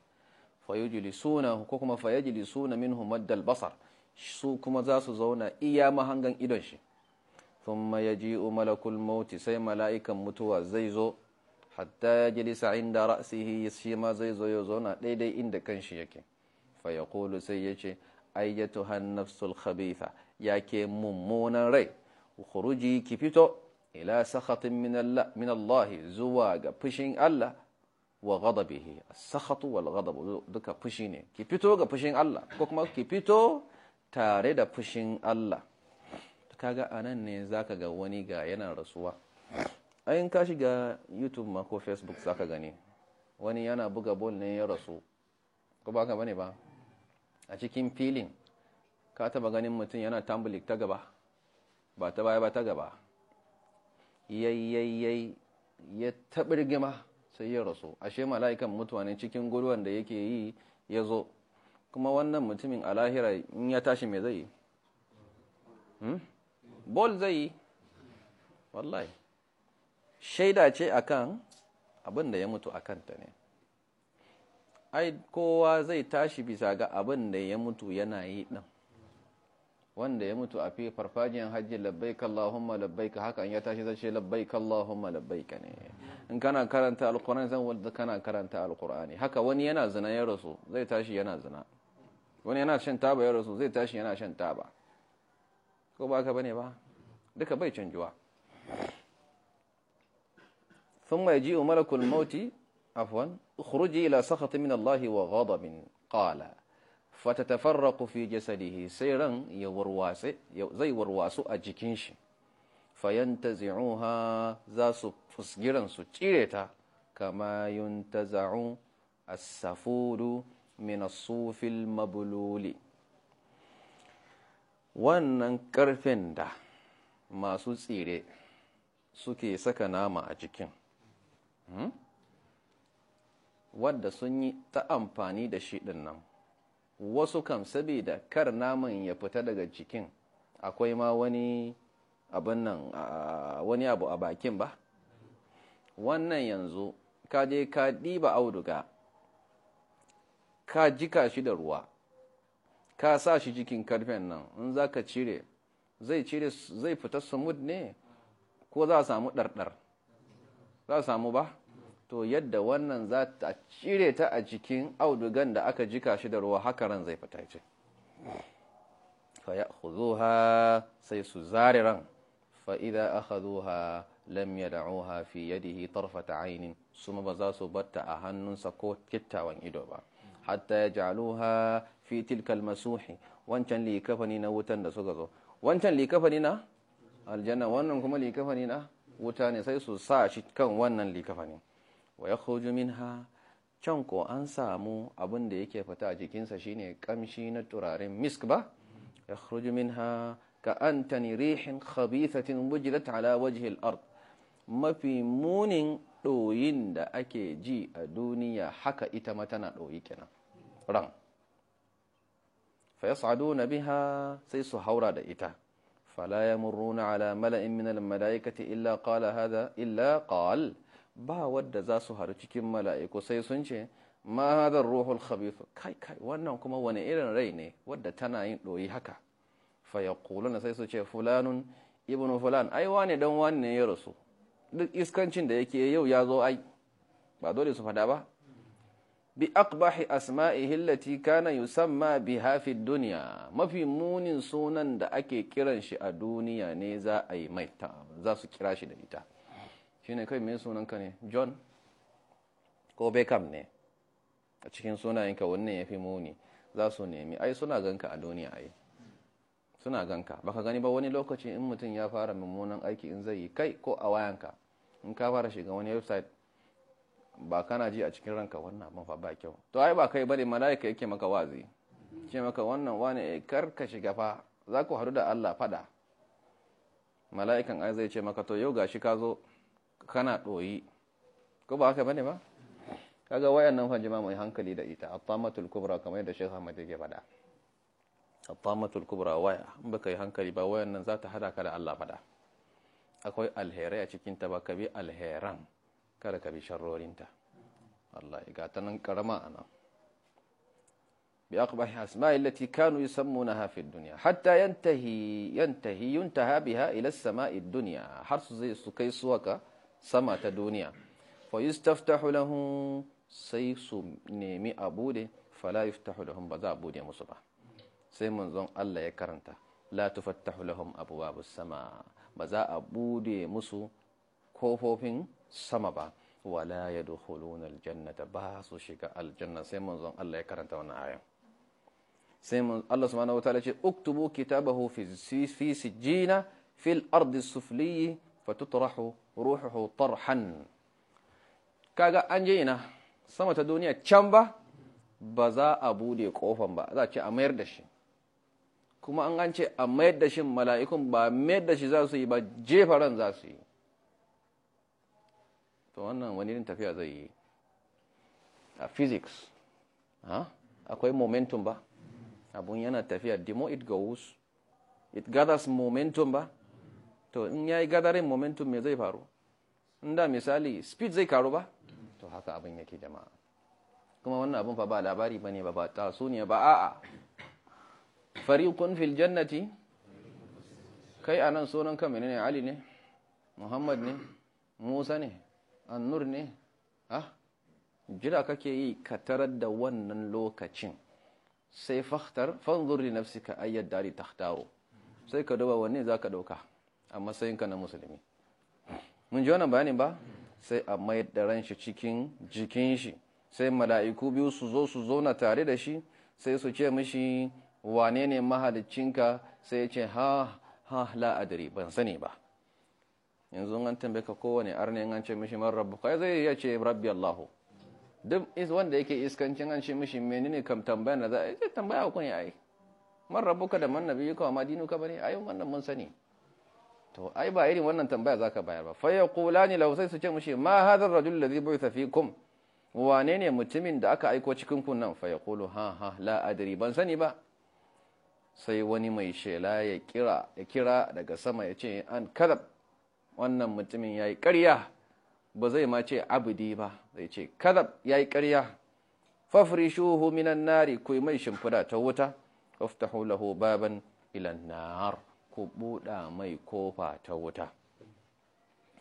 fayajlisuna ko kuma fayajlisuna min maddal basar su kuma za su zauna iya mahangan idon shi thumma yaji'u malakul maut sai mala'ikan mutuwa zai zo hatta yajlisa inda ra'sihi shi ma zai zo ya zauna daidai inda kanshi yake fayakolu sai yace ayyatuha an-nafsul khabitha yake mummunan rai "Kuruji, ki fito ila sakhatin min Allah zuwa ga fushin Allah wa ghadabihi as-sakhatu wal ghadab duka fushi ne ki fito ga fushin Allah ko kuma ki fito tare da fushin Allah kaga anan ne zaka ga wani ga yana rasuwa ayin ka shiga YouTube ma ko Facebook zaka gani wani yana buga ball ne ya rasu ko ba ka bane ba a cikin filin ka taba ganin mutum yana tambulik ta gaba ba ta baya ba ta gaba yayyayyai ya taɓi rigima sai ya rasu ashe mala'ikan mutuwa cikin gurwan da yake yi ya zo kuma wannan mutumin a lahira in ya tashi mai zai yi hmm? bol zai yi wallahi shaida ce akan abin da ya mutu a kanta ne ai kowa zai tashi bisa ga abin da ya mutu yana yi ɗan wanda ya mutu a fi farfajiyan hajji labbaika Allahumma labbaika haka ya tashi zai ce labbaika Allahumma labbaika ne in kana karanta alqur'ani zan wanda kana karanta alqur'ani haka wani yana zina ya rasu zai tashi yana zina wani yana shan taba ya rasu zai tashi yana shan taba ko ba ka bane ba duka bai canjuwa thumma ثم malakul mauti afwan عفوا ila sakhati min Allahi wa ghadabin qala fatatafarraqu fi jasadihi sai ran ya warwatse zai warwasu a jikin shi fayantazi'uha za su fusgiran su cire ta kama yuntaza'u as-safudu min as-sufil mabluli wannan karfin da masu tsire suke saka nama a jikin hmm? wadda sun yi ta amfani da shi ɗin nan wasu kam saboda kar naman ya fita daga cikin akwai ma wani abin nan wani abu a bakin ba wannan yanzu ka je ka ɗiba auduga ka jika shi da ruwa ka sa shi cikin karfen nan in za ka cire zai cire zai fita samud ne ko za a samu ɗarɗar za a samu ba to yadda wannan za ta cire ta a jikin audugan da aka jika shi da ruwa haka ran zai fita ce fayakhuzuha sai su zare ran fa idza akhadhuha lam yad'uha fi yadihi tarfata aynin suma ba za su batta a hannunsa ko kittawan ido ba hatta yaj'aluha fi tilkal masuhi wancan likafani na wutan da suka zo wancan likafani na aljanna wannan kuma likafani na wuta ne sai su sa shi kan wannan likafani wa ya min minha can ko an samu abin da yake fita a jikinsa shine kamshi na turaren misk ba ya hoju minha ka an tani rihin khabithatin wujidat ala wajihil ard mafi munin ɗoyin da ake ji a duniya haka ita ma tana ɗoyi kenan ran fa yas'aduna biha sai su haura da ita ya فلا يمرون على ملأ من malaikati illa قال هذا illa قال ba wadda za su haru cikin mala'iku sai sun ce ma hadar ruhul khabithu kai kai wannan kuma wani irin rai ne wadda tana yin ɗoyi haka fa sai su ce fulanun ibnu fulan ai wane dan wane ne ya rasu duk iskancin da yake yau ya zo ai ba dole su fada ba bi aqbahi asma'ihi allati kana yusamma biha fi duniya mafi munin sunan da ake kiran shi a duniya ne za a yi mai ta za su kira shi da ita shine kai mai sunanka ne john ko beckham ne a cikin sunayenka wannan ya fi muni za su nemi ai suna ganka a duniya ai suna ganka baka gani ba wani lokaci in mutum ya fara mummunan aiki in zai yi kai ko a wayanka in ka fara shiga wani website ba kana ji a cikin ranka wannan abin fa ba kyau to ai ba kai bane malaika yake maka wazi ce maka wannan wani eh, kar ka shiga fa za ku haɗu da Allah fada mala'ikan ai zai ce maka to yau gashi ka zo kana ɗoyi ko ba haka bane ba kaga wayannan fa jama'a mai hankali da ita at-tamatul kubra kamar yadda Sheikh Ahmad yake faɗa at kubra waya in baka yi hankali ba wayannan za ta hada ka da Allah faɗa akwai alherai a cikin ta ba ka bi alheran kada ka bi sharrorinta ya ga ta nan karama ana bi aqbah asma'i allati kanu yusammunaha fi dunya hatta yantahi yantahi yuntaha biha ila as-sama'i ad-dunya har su zai su kai suwaka sama ta duniya fa yustaftahu lahum sai su nemi a bude fala yuftahu lahum ba za a bude musu ba sai manzon Allah ya karanta la tufattahu lahum abwabus sama ba za a bude musu kofofin sama ba wala yadkhuluna aljannata ba su shiga aljanna sai manzon Allah ya karanta wannan ayan sai Allah subhanahu wataala ce uktubu kitabahu fi sijjina fil ardi sufliyi fatutrahu ruhuhu tarhan ga an je ina sama ta duniya can ba ba za a buɗe ƙofan ba za a ce a mayar da shi kuma an an ce a mayar da shi mala'ikun ba mayar da shi za su yi ba jefa ran za su to wannan wani irin tafiya zai yi a physics akwai momentum ba abun yana tafiya demo it goes it gathers momentum ba to in ya yi gadarin momentum me zai faru inda misali speed zai karu ba to haka abin yake jama'a kuma wannan abin fa ba labari ba ne ba ba ne ba a'a fariqun fil jannati kai a nan sunan ka menene ali ne muhammad ne musa ne annur ne A jira kake yi ka tarar da wannan lokacin sai fahtar fanzur li nafsika ayyadda dari tahtaro sai ka duba wanne ka dauka a matsayinka na musulmi mun ji wannan bayanin ba sai a mai da ran shi cikin jikin shi sai mala'iku biyu su zo su na tare da shi sai su ce mishi wane ne mahalicinka sai ya ce ha ha la'adari ban sani ba yanzu an tambe ka kowane arne an ce mishi man rabu kai zai ya ce rabbi allahu duk wanda yake iskancin an ce mishi menene kam tambaya da za a yi tambaya kun yi ai man ka da man kawo madinu ka bane ayi wannan mun sani to ai ba irin wannan tambaya zaka bayar ba fa yaqulani law sai su ce mushi ma hadha ar-rajul ladhi bu'itha fikum wane ne mutumin da aka aiko cikin ku nan fa yaqulu ha ha la adri ban sani ba sai wani mai shela ya kira ya kira daga sama ya ce an kadab wannan mutumin yayi ƙarya ba zai ma ce abdi ba zai ce kadab yayi ƙarya fafrishuhu minan nari kai mai shimfida ta wuta waftahu lahu baban ila nar ku buɗa mai kofa ta wuta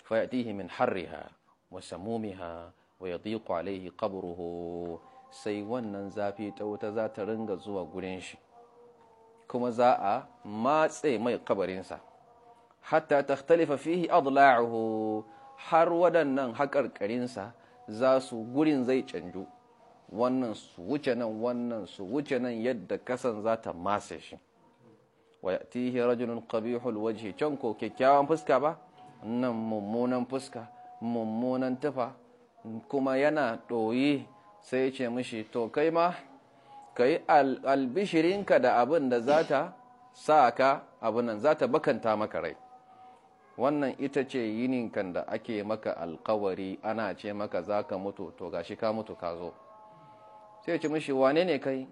fayatihi min harriha wa samumiha wa yadiqu alaihi qabruhu sai wannan zafi ta wuta za ta ringa zuwa gurin shi kuma za a matse mai kabarinsa hatta takhtalifa fihi adla'uhu har waɗannan haƙarƙarinsa za su gurin zai canju wannan su wuce nan wannan su wuce nan yadda kasan za ta masa shi wa ya'tihi rajulun qabihul wajhi can ko kyakkyawan fuska ba nan mummunan fuska mummunan tufa kuma yana ɗoyi sai ce mishi to kai ma yi albishirinka da abin da zata sa ka abin nan zata bakanta maka rai wannan ita ce yininkan da ake maka alkawari ana ce maka za ka mutu to gashi ka mutu ka zo sai ce mishi wane ne kai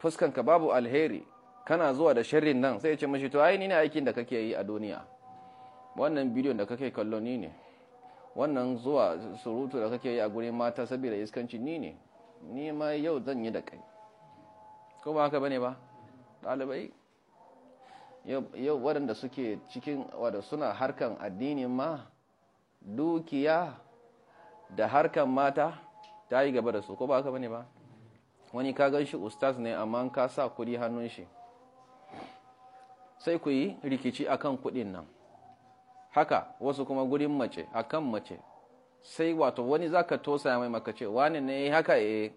fuskanka babu alheri kana zuwa da sharrin nan sai ya ce mashi to ai ni ne aikin da kake yi a duniya wannan bidiyon da kake kallo ni ne wannan zuwa surutu da kake yi a gurin mata saboda iskanci ni ne ni ma yau zan yi da kai ko ba haka bane ba ɗalibai yau waɗanda suke cikin wadda suna harkan addinin ma dukiya da harkan mata ta yi gaba da su ko ba haka bane ba wani ka gan shi ustaz ne amma ka sa kuɗi hannun shi sai ku yi rikici akan kuɗin nan haka wasu kuma gurin mace akan mace sai wato wani zaka tosa mai maka ce wani ne haka eh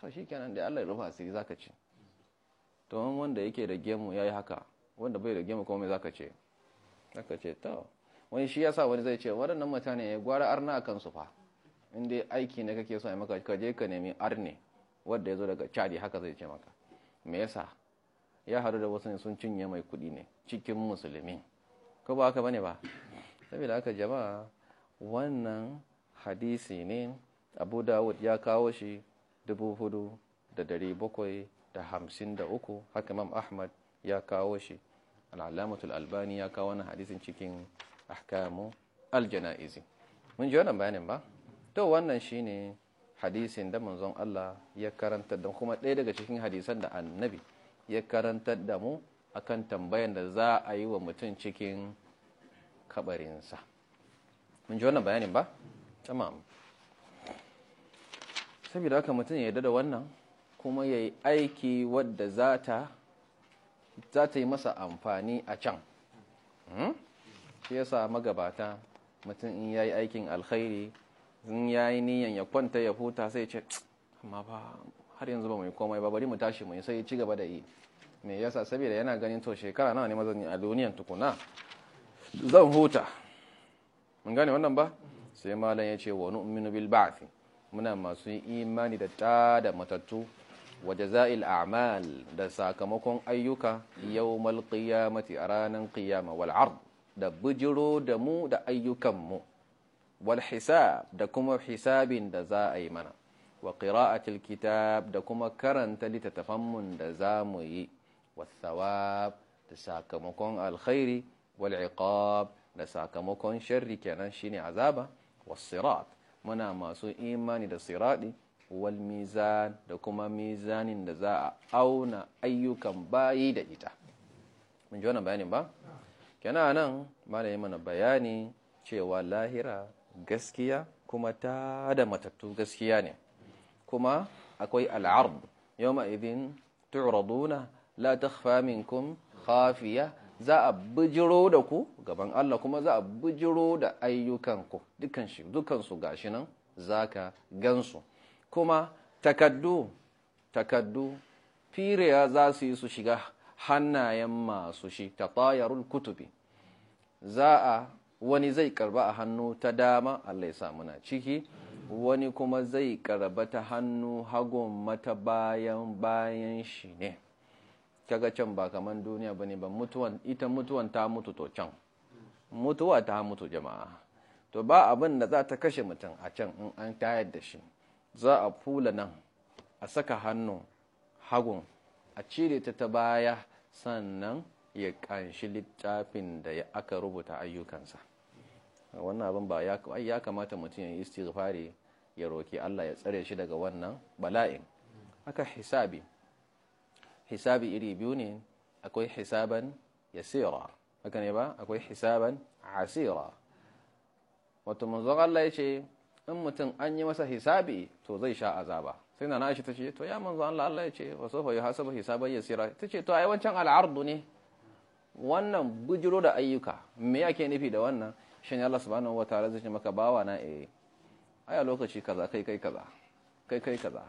to shikenan da Allah ya rufa asiri zaka ce to wanda yake da gemu yayi haka wanda bai da gemu kuma mai zaka ce zaka ce to wani shi yasa wani zai ce waɗannan mutane ya gwara arna akan su fa in dai aiki ne kake so a maka ka je ka nemi arne wanda ya zo daga cadi haka zai ce maka me yasa ya haru da wasu ne sun cinye mai kudi ne cikin musulmi ko ba haka bane ba saboda haka jama'a wannan hadisi ne abu dawud ya kawo shi dubu bakwai da hamsin da uku haka imam ahmad ya kawo shi al'alamatul albani ya kawo wannan hadisin cikin ahkamu aljana'izi mun ji wannan bayanin ba to wannan shine hadisin da manzon Allah ya karanta don kuma ɗaya daga cikin hadisan da annabi ya karantar da mu akan tambayan da za a yi wa mutum cikin kabarinsa mun ji wannan bayanin ba tamam saboda haka mutum ya yarda da wannan kuma ya yi aiki wadda za ta yi masa amfani a can hmm? shi yasa magabata mutum in ya yi aikin alkhairi in ya yi niyan ya kwanta ya huta sai ce amma ba har yanzu ba mu yi komai ba bari mu tashi mu yi sai ci gaba da yi me yasa saboda yana ganin to shekara nawa ne mazan a duniyan tukuna zan huta mun gane wannan ba sai malam ya ce wa nu'minu bil muna masu imani da ta da matattu wa jaza'il a'mal da sakamakon ayyuka yawmal qiyamati a ranar qiyama wal ard da bijiro da mu da ayyukan mu wal hisab da kuma hisabin da za a yi mana wa ƙira'atul kitab da kuma karanta littattafan mun da mu yi wasawab da sakamakon alkhairi wal iqab da sakamakon sharri kenan shine azaba wasirat muna masu imani da siradi wal mizan da kuma mizanin da za a auna ayyukan bayi da ita mun ji wannan bayanin ba kenan nan malamin mana bayani cewa lahira gaskiya kuma ta da matattu gaskiya ne kuma akwai al'ard yau idin tu'raduna la takhfa kun khafiya za a bijiro da ku gaban Allah kuma za a bijiro da ayyukanku ku shi ga su gashi nan zaka gansu kuma takaddu takaddu firiya za su yi su shiga hannayen masu shi ta tayarul kutubi za a wani zai karba a hannu ta dama Allah ya samuna ciki wani kuma zai karaba ta hannu hagun mata bayan bayan shi ne kaga can ba kamar duniya bane ba mutuwan ita mutuwan ta mutu to can mutuwa ta mutu jama'a to ba abin da za ta kashe mutum a can in an tayar da shi za a fula nan a saka hannu hagun a cire ta ta baya sannan ya kanshi littafin da aka rubuta ayyukansa wannan abin ba ya kamata mutum ya yi istighfari ya roki Allah ya tsare shi daga wannan bala'in haka hisabi hisabi iri biyu ne akwai hisaban yasira haka ne ba akwai hisaban asira wato manzon Allah ya ce in mutum an yi masa hisabi to zai sha azaba sai na nashi ta ce to ya manzo Allah Allah ya ce wa sofa yuhasabu hisaban yasira ta ce to ai wancan al'ardu ne wannan bujiro da ayyuka me yake nufi da wannan shi ne Allah subhanahu wa ta'ala zai maka bawa na eh aya lokaci kaza kai kai kaza kai kai kaza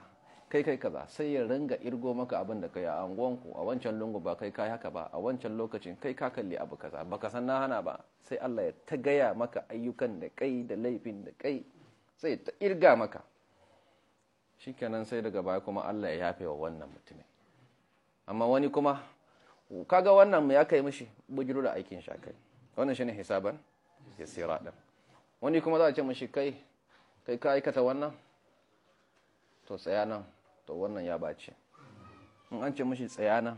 kai kai kaza sai ya ringa irgo maka abin da kai a ku a wancan lungu ba kai kai haka ba a wancan lokacin kai ka kalli abu kaza baka san na hana ba sai Allah ya ta gaya maka ayyukan da kai da laifin da kai sai ta irga maka shikenan sai daga baya kuma Allah ya yafe wa wannan mutumin amma wani kuma kaga wannan mu ya kai mishi bujiru da aikin shakai wannan shine hisaban ya tsira ɗin wani kuma za a ce mashi kai kai ka aikata wannan to tsaya to wannan ya bace in an ce mashi tsaya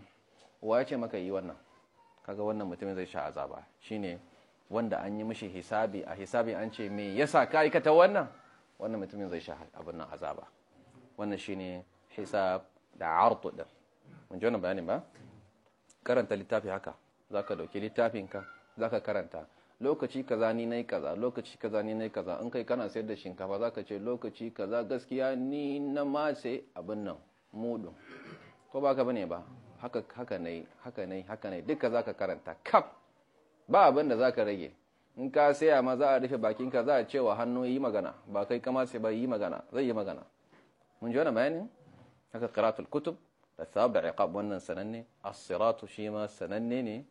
wa ya ce maka yi wannan kaga wannan mutumin zai sha azaba shine wanda an yi mashi hisabi a hisabi an ce me yasa ka aikata wannan wannan mutumin zai sha abin nan azaba wannan shine hisab da artu din mun ji wannan bayani ba karanta littafi haka zaka dauki littafinka zaka karanta lokaci kaza ni nai kaza lokaci kaza ni nai kaza in kai kana sayar da shinkafa zaka ce lokaci kaza gaskiya ni na mace abin nan mudun ko baka bane ba haka haka haka nayi haka duka zaka karanta kaf ba abin da zaka rage in ka saya ma za a rufe bakin ka za a cewa hannu yi magana ba kai kama sai ba yi magana zai yi magana mun ji wani bayanin haka qiratul kutub da sabu iqab wannan sananne as-siratu shi sananne ne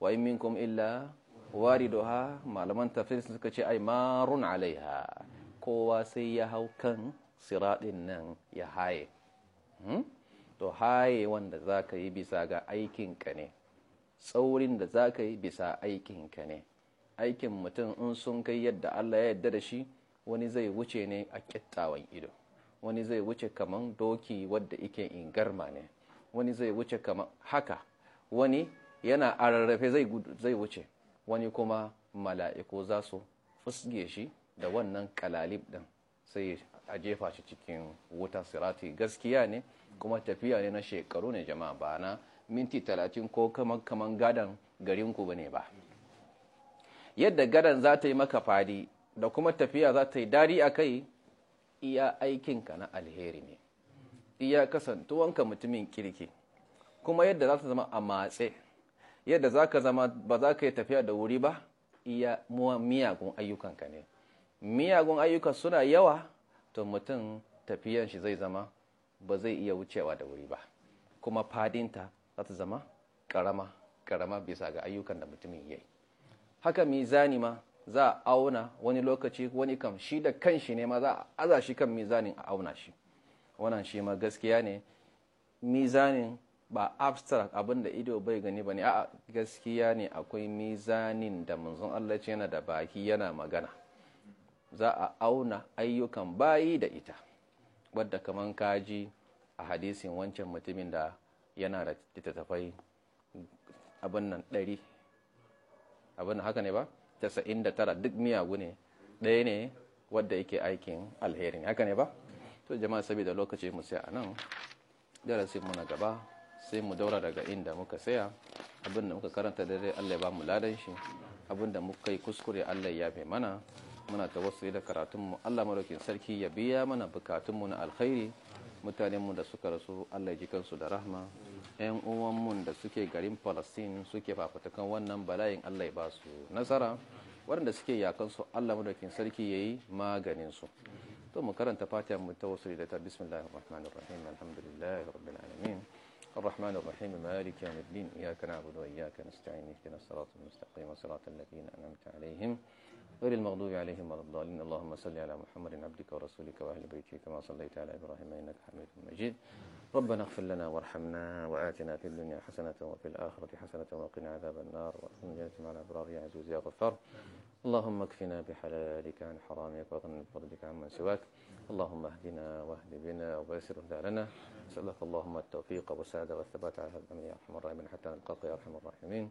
wa in minkum illa Wari doha malaman tafsir suka ce ai marun alaiha kowa sai ya hau kan siradin nan ya haye hmm? to haye wanda za yi bisa ga aikinka ne tsaurin da zaka yi bisa aikinka ne aikin mutum in sun kai yadda allah ya yadda da shi wani zai wuce ne a kyattawan ido wani zai wuce kaman doki wadda ike ingarma ne wani zai wuce kaman haka wani yana ararrafe zai wuce wani kuma mala'iku za su fusge shi da wannan kalalib din sai a jefa shi cikin wuta sirati gaskiya ne kuma tafiya ne na shekaru ne jama'a ba na minti talatin ko kaman gadon garinku ba ne ba yadda gadan za ta yi maka fadi da kuma tafiya za ta yi dari a kai iya aikinka na alheri ne iya kasantuwanka mutumin kirki kuma yadda za ta zama a matse yadda za ka zama ba za ka yi tafiya da wuri ba iya miyagun ayyukanka ne miyagun ayyuka suna yawa to mutum tafiyan shi zai zama ba zai iya wucewa da wuri ba kuma fadinta za ta zama karama karama bisa ga ayyukan da mutumin yi. haka mizani ma za a auna wani lokaci wani kam shi da kanshi ne ma za a aza shi kan mizanin a auna shi wannan shi ma gaskiya ne mizanin ba abstract abin da ido bai gani ba ne a gaskiya ne akwai mizanin da manzon Allah ce yana da baki yana magana za a auna ayyukan bayi da ita wadda kamar kaji a hadisin wancan mutumin da yana da tattafai abin nan ɗari abin haka ne ba tasa'in da tara duk miyagu ne ɗaya ne wadda yake aikin alherin haka ne ba to jama'a sabida lokaci mu sai a nan darasin mu na gaba sai mu daura daga inda muka tsaya abinda muka karanta daidai allai ba mu ladan shi abinda muka yi kuskure allai ya fi mana muna ta yi da karatunmu Allah marokin sarki ya biya mana bukatunmu na alkhairi mutanenmu da suka rasu allai jikansu da rahma yan uwanmu da suke garin Palestine suke fafatakan wannan bala'in allai ba su nasara waɗanda suke yakansu Allah marokin sarki yayi maganin su to mu karanta fatiha mu da ta bismillahir rahmanir rabbil alamin الرحمن الرحيم مالك يوم الدين إياك نعبد وإياك نستعين اهدنا الصراط المستقيم صراط الذين أنعمت عليهم غير المغضوب عليهم ولا الضالين اللهم صل على محمد عبدك ورسولك وأهل بيتك كما صليت على إبراهيم إنك حميد مجيد ربنا اغفر لنا وارحمنا وآتنا في الدنيا حسنة وفي الآخرة حسنة وقنا عذاب النار وارحمنا جنة مع الأبرار يا عزيز يا غفار اللهم اكفنا بحلالك عن حرامك وغنى بفضلك عمن سواك اللهم اهدنا واهد بنا ويسر هدى لنا نسألك اللهم التوفيق والسعادة والثبات على هذا الأمر يا أرحم الراحمين حتى نلقاك يا أرحم الراحمين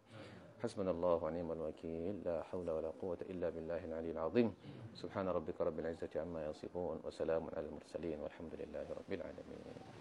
حسبنا الله ونعم الوكيل لا حول ولا قوة إلا بالله العلي العظيم سبحان ربك رب العزة عما يصفون وسلام على المرسلين والحمد لله رب العالمين